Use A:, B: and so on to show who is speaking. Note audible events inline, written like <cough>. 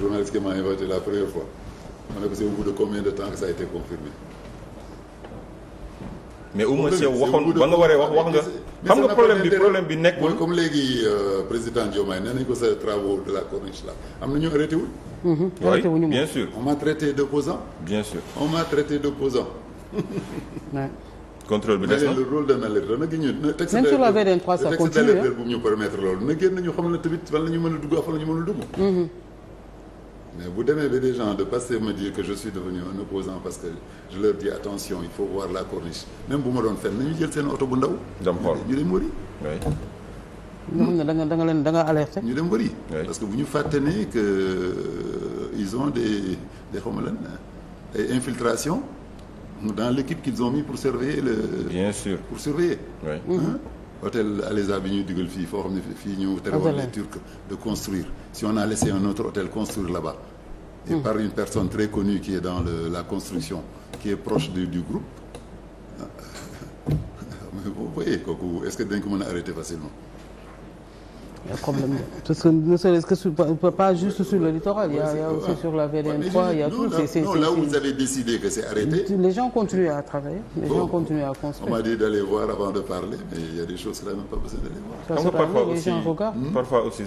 A: journaliste qui m'a invité la première fois ma ne ko c'est au bout de combien de temps que ça a été confirmé. mais au moins yow ba nga waree wax wax nga. xam nga problème bi bi nekk. comme léegi euh, président Diomaye nee nañ ko sa travaux de la corniche là am na ñu arrêté wul. Mhm. arrêté wuñu bien sûr. on m'a traité d'opposant. bien sûr on m'a traité d'opposant. <laughs> contrôle bi des na le rôle d'un alerte na génn na. texte même la VDN 3 ça continue texte d'alerte ñu permettre loolu na génn ñu xam ne tamit fan la ñu mën a dugg ak fan la ñu mën a dugg. Mhm. mais bu demee ba des gens de Pastef me dire que je suis devenu un opposant parce que je leur dis attention il faut voir la corniche même bu ma doon fenn nañu jël seen oto bu ndaw. dem xool ñu nga da nga leen da nga alerté. dem wëri. parce que bu ñu fàtte ne que euh, ils ont des des xaw ma ay infiltrations dans l'équipe qu'ils ont mis pour surveiller le. bien sûr pour surveiller. hôtel Alésia bi ñuy digal fii foo xam ne fii ñu tere woon les Turcs de construire si on a laissé un autre hôtel construire là-bas et hmm. par une personne très connue qui est dans le, la construction qui est proche du, du groupe <laughs> mais vous est-ce que dañ ko mën a arrêter facilement y a problème parce que ne serait-ce que sur, pas juste sur le littoral. il y a, y a aussi sur la VDN 3 il y a tout. c'est non là où vous avez décidé que c'est arrêté. les gens continuent à travailler. les bon, gens continuent à construire. on m'a dit d'aller voir avant de parler mais il y a des choses là même pas besoin d'aller voir. Parce que parfois aussi parfois aussi.